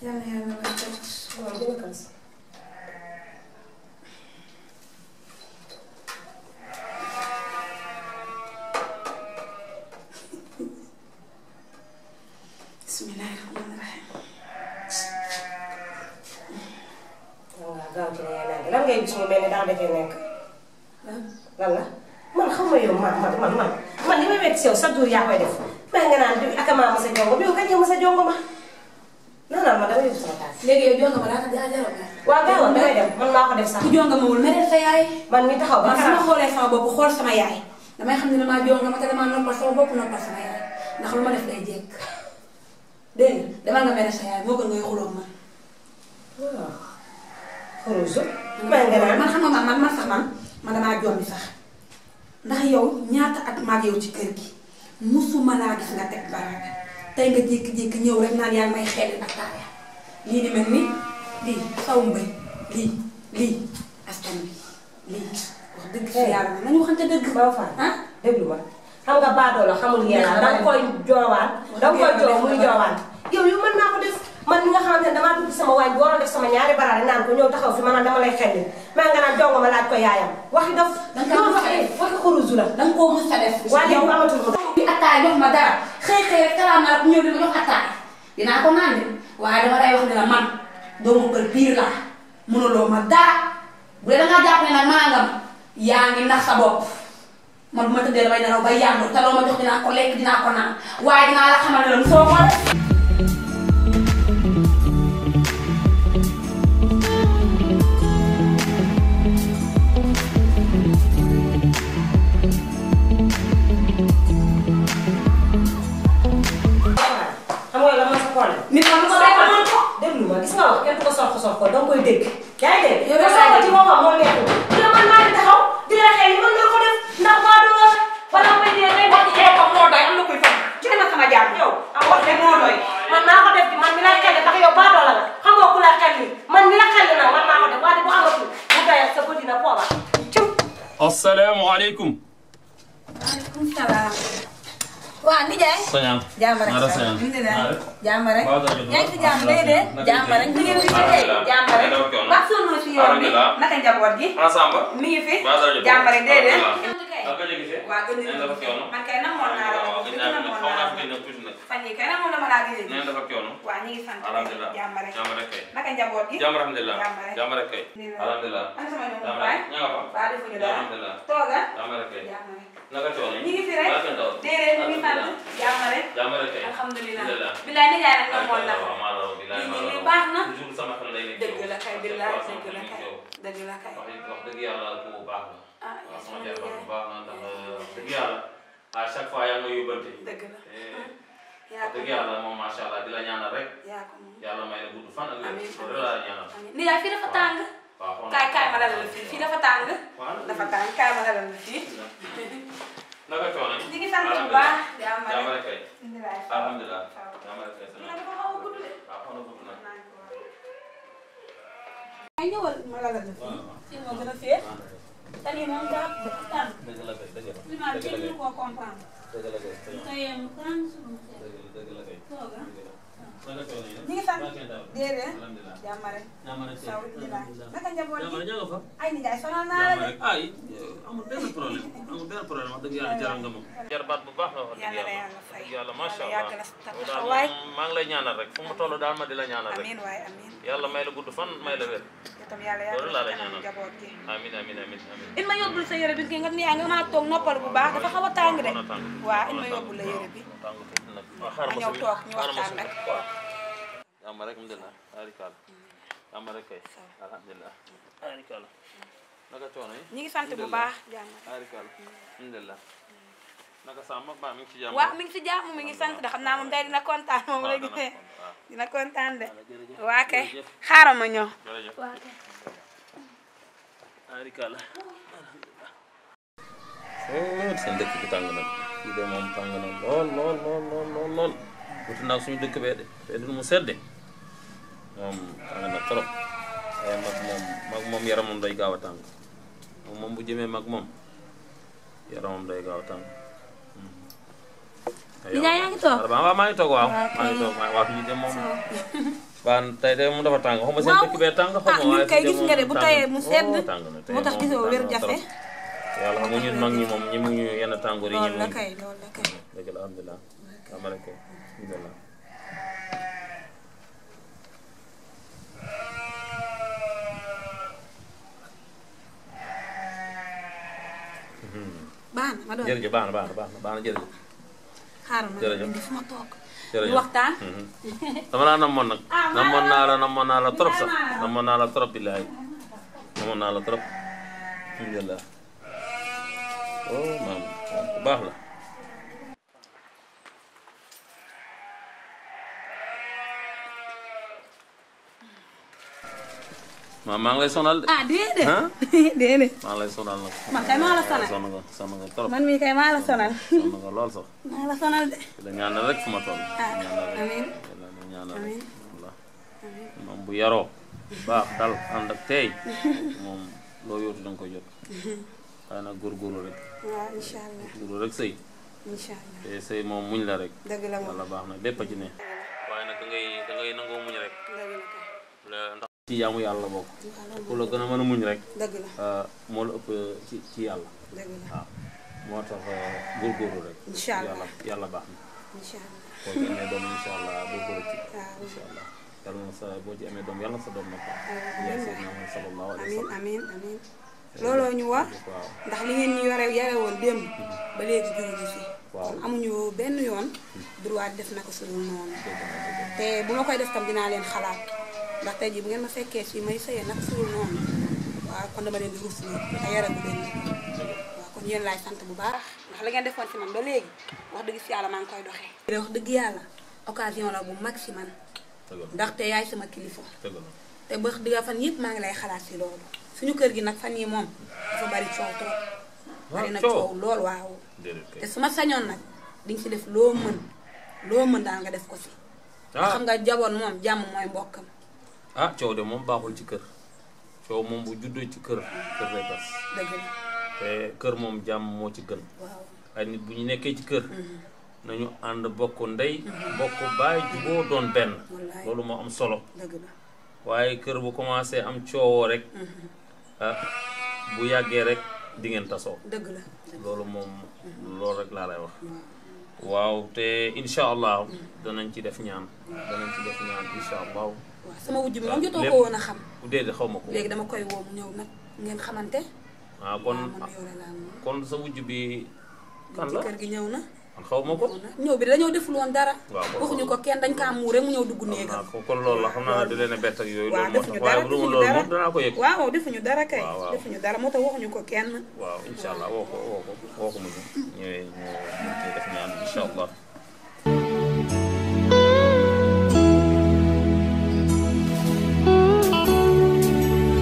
Ya no, ya no me canso. No, yo me canso. بسم الله الرحمن الرحيم gaaw ci ne yaa naan lan ngay gis mu mel ni daa defee nekk lan la man xam nga yow man mà man man man li may wet si yow chaque jour yaa koy def mais nga naan ak maa ma sa jongo yow kañ nga ma sa jongo ma sonal ma damay yóbbu sama taas. léegi yow jonga ma daanaka dara jaral ma. waaw gaaw damay dem man maa ko def sax. ku jonga ma wul mereel sa yaay. man mi taxaw ba xanaa man su ma xoolee sama bopp xool sama yaay damay xam ne damaa jonga ma te damaa noppal sama bopp noppal sama yaay ndax lu ma def day jekk dégg nga demal nga mereel sa yaay moo gën ngay xuloo ma. waaw ah. xuloo su. maa ngi gën a man xam nga man man sax man man damaa jombi sax ndax yow ñaata at maa yow ci kër gi musuma laa gis nga teg baraaka tay nga jik jik ñew rek naan yaa ngi may xeeli ak taaya li ni mel ni li, xaw mbay li lii askan bi li wax deug fi yàlla nañ waxante deug ba fa ah déglu ma xam nga baadoo la xamul yàlla da nga koy joowaan da nga koy joow muy joowaan yow yu mën naa ko def man nga xamantene ne damaa dugg sama way bo waroon def sama ñaari baraare naan ko ñew taxaw fi man dama lay xel ma nga naan jongo ma laaj ko yaayam waxi daf loolu waxi waxi xuruzu la dang ko mu sa def wa yow amatul attaay jox ma dara xëy xëy rek kalaam naa ku ñëw di ma jox attaay dinaa ko naan de waaye dama lay wax ne la man doomu kër biir laa mënuloo ma dara bu dee da ngaa jàpp ne nag maa yaa ngi nax sa bopp man bu ma tëddee damay nelaw ba yàndu te loo jox dinaa ko lekk dinaa ko naan waaye dinaa la xamal ne la mu soo nit man ko man ko déglu ma gis nga wax kenn ku ko soxla soxla ko da nga koy dégg. yaa ngi dégg yow ko ci boppam moo nekkul di la man maa ngi taxaw di la xëy man nga ko def ndax maa doon wax wala may dee day wax ci boppam moo doy am na kuy fan joxe na sama jaar yow am ah, wax de moo doy man naa ko def ci man mi lay xel ndax yow baadoo la la xam nga ku la xel ni man mi la xel ni nag man naa ko def waaye bu amatul bu doyal sa bëri na poobar. asalaamaaleykum. andi jang soñam jamare jamare ñank jamare de jamare ngi ngi ci tay jamare ba sonu ci yoon bi naka njabot gi ensemble mi ngi fi jamare de de ak legi fi wa gën man kay na mo na la fan yi kay na mo na ma la gën ñu dafa ak yoonu wa ñi ngi sant alhamdullilah jamare jamare kay naka njabot gi jamare alhamdullilah jamare kay alhamdullilah an sama ñu bay naka tool ñu ngi fi rek déedéet ñu ngi sant jàmm rek jàmm rek kay alhamdulilah bilaay nijaay nag nga mool nag lii lii baax na dëgg la kay bilaay dëgg la kay dëgg la kay wax dëgg yàlla ku baax la ah sama jabar bu baax na ndax dëgg yàlla à chaque fois yaa ngi yóbbante dëgg la yaa ko dëgg yàlla moom macha allah di la ñaanal rek yaa ko moom yàlla may la gudd fan ak lépp loolu la ñaanal nijaay fii dafa tàng kaay kaay ma dalal la fii fii dafa tàng dafa tàng kaay ma dalal la fii naka coono ñu ngi sant bu baax di amal jaamale kay alhamdulilah jaamale kay sama dafa xaw a gudd de waaw xaw na gudd nag ay ñëwal ma la la def ci moo gën a féer tali moom daa tànn dëgg la kay dëgg la kay dëgg la koo comprendre dëgg la kay ñu koy yem kan suñu dëgg la kay tooga ñu ngi sant déedéet jaamare saw di la naka njaboot ay ni jaay sonal naa la de ay amul benn problème amul benn problème wax kamu. yàlla jaral nga moom jarbaat bu baax la wax dëgg yàlla allah maa ngi lay ñaanal rek fu mu toll daal Amin di la ñaanal rek yàlla may la gudd fan may la wér loolu laa la ñaanal amin amin amin amin in ma yóbbul sa yére bi ki nga yaa nga mën a toog noppal bu baax dafa xaw a tàng de waaw in ma yóbbul la yére bi ma ñëw toog ñu waxtaan nag yaa alhamdulillah yaa ma naka ñu ngi sant bu baax jàmm arikal mm. ci jàmm waaw mi ci mi ngi sant de xam naa moom tey dina kontaan moom la gisee dina kontaan de waa kay ma ñëw waa kay arikal seen dëkk na fii de moom tàng na lool lool lool lool lool lool wuti naa suñu dëkk bee mu sedde moom tàng trop mag moom mag moom yaramam day gaaw moom bu jëmee mag moom yaramam day gaaw tàng. Mm-hmm. Dinaa yaa ngi toog waaw maa ngi toog waaw. maa toog waaw fii de moom. waaw tey de mu dafa tàng xaw ma seen dëkk bee tàng. xaw ma ah, waaye fii de moom tàng bu tawee mu sedd. Oh, moo tax gisoo wér jafe. yàlla xam nga ñun ñi moom ñu yenn tàngoor yi. ñu mu ñu kay loolu ma doon jërëjëf baax na baax na baax na baax na jërëjëf. xaaral ma doon indi fu ma toog. jërëjëf waxtaan. Mhm. dama laa namoon nag. Ah, namoon naa la namoon naa la trop sax namoon naa la trop billaay namoon naa la trop. alhamdulilah oh maam bu baax la. Mamang maa sonal de. ah deh. deh, dia deh. ngi lay sonal nag. man kay maa la sonal sama nga sonn nga trop. man mii kay maa la sonal. sonn nga lool so. maa la sonal de. da Anak rek fu ma Amin. ah amiin ñaanal rek amiin moom bu yaroo baax dal ànd ak tey moom loo yóotu da nga koy jot waaye nag góorgóorlu rek. waaw incha allah rek sëy. incha allah te sëy moom muñ la rek. dëgg la moom yàlla baax na ci ne. waaye nag da ngay da ngay nangoo muñ rek. la ci yaamu yàlla bokk ku la gën a mën a muñ rek ah, moo la ëpp ci ci yàlla waaw ah, moo tax ah, yàlla yàlla baax na boo ci allah boo ci amee doom yàlla sa doom na ko yaay seydina Muhammad wa looloo ñu war ndax li ngeen ñu yore yare woon démb mm-hmm. ba léegi jóge fi waaw amuñu benn yoon mm-hmm. droit def na ko sunu noonu te bu koy def tam dinaa leen xalaat ndax jii bu ngeen ma fekkee si may sëyee nag suñu noonu waaw kon dama leen di ruus nii te yara bu leen waaw kon yéen laay sant bu baax ndax la ngeen defoon ci man ba léegi wax dëgg ci yàlla maa ngi koy wax dëgg yàlla occasion la bu mag ci man ndaxte yaay sama kilifa te ba digga fan yëpp maa ngi lay xalaat ci loolu suñu kër gi nag fan nii moom dafa bari coow ah, bari na coow lool waaw te su ma sañoon nag diñ ci def loo mën loo mën daal nga def ko ci ah. xam nga jaboon moom jàmm mooy mbokkam ah coow de moom baaxul ci kër coow moom bu juddoo ci kër kër lay tas te kër moom jàmm moo ci gën ay nit bu ñu nekkee ci kër mhm. nañu ànd bokk ndey mhm. bokk baay juboo doon benn loolu moo am solo waaye kër bu commencé am coowoo rek mhm. ah, bu yàggee rek di ngeen tasoo loolu moom loolu rek laa lay wax waaw te incha allah danañ ci def ñaan. danañ ci def ñaan incha allah. waaw sama wujj bi moom jotoo ko woon a xam. déedéet xaw ma ko léegi dama koy woo mu ñëw nag ngeen xamante. Ah, waaw kon kon sa wujj bi. kan la kër gi ñëw na. xaw ma ko. ñëw bi dañoo deful woon dara. waxuñu ko kenn dañ kaa muur rek mu ñëw dugg néegam. kon loolu la xam naa da leen a bett yooyu. waaw defuñu dara defuñu dara danaa ko yëg. waaw defuñu dara kay. defuñu dara moo tax waxuñu ko kenn. waaw incha allah woo ko woo ko woo ko mu ñëwee ñu def ñaan incha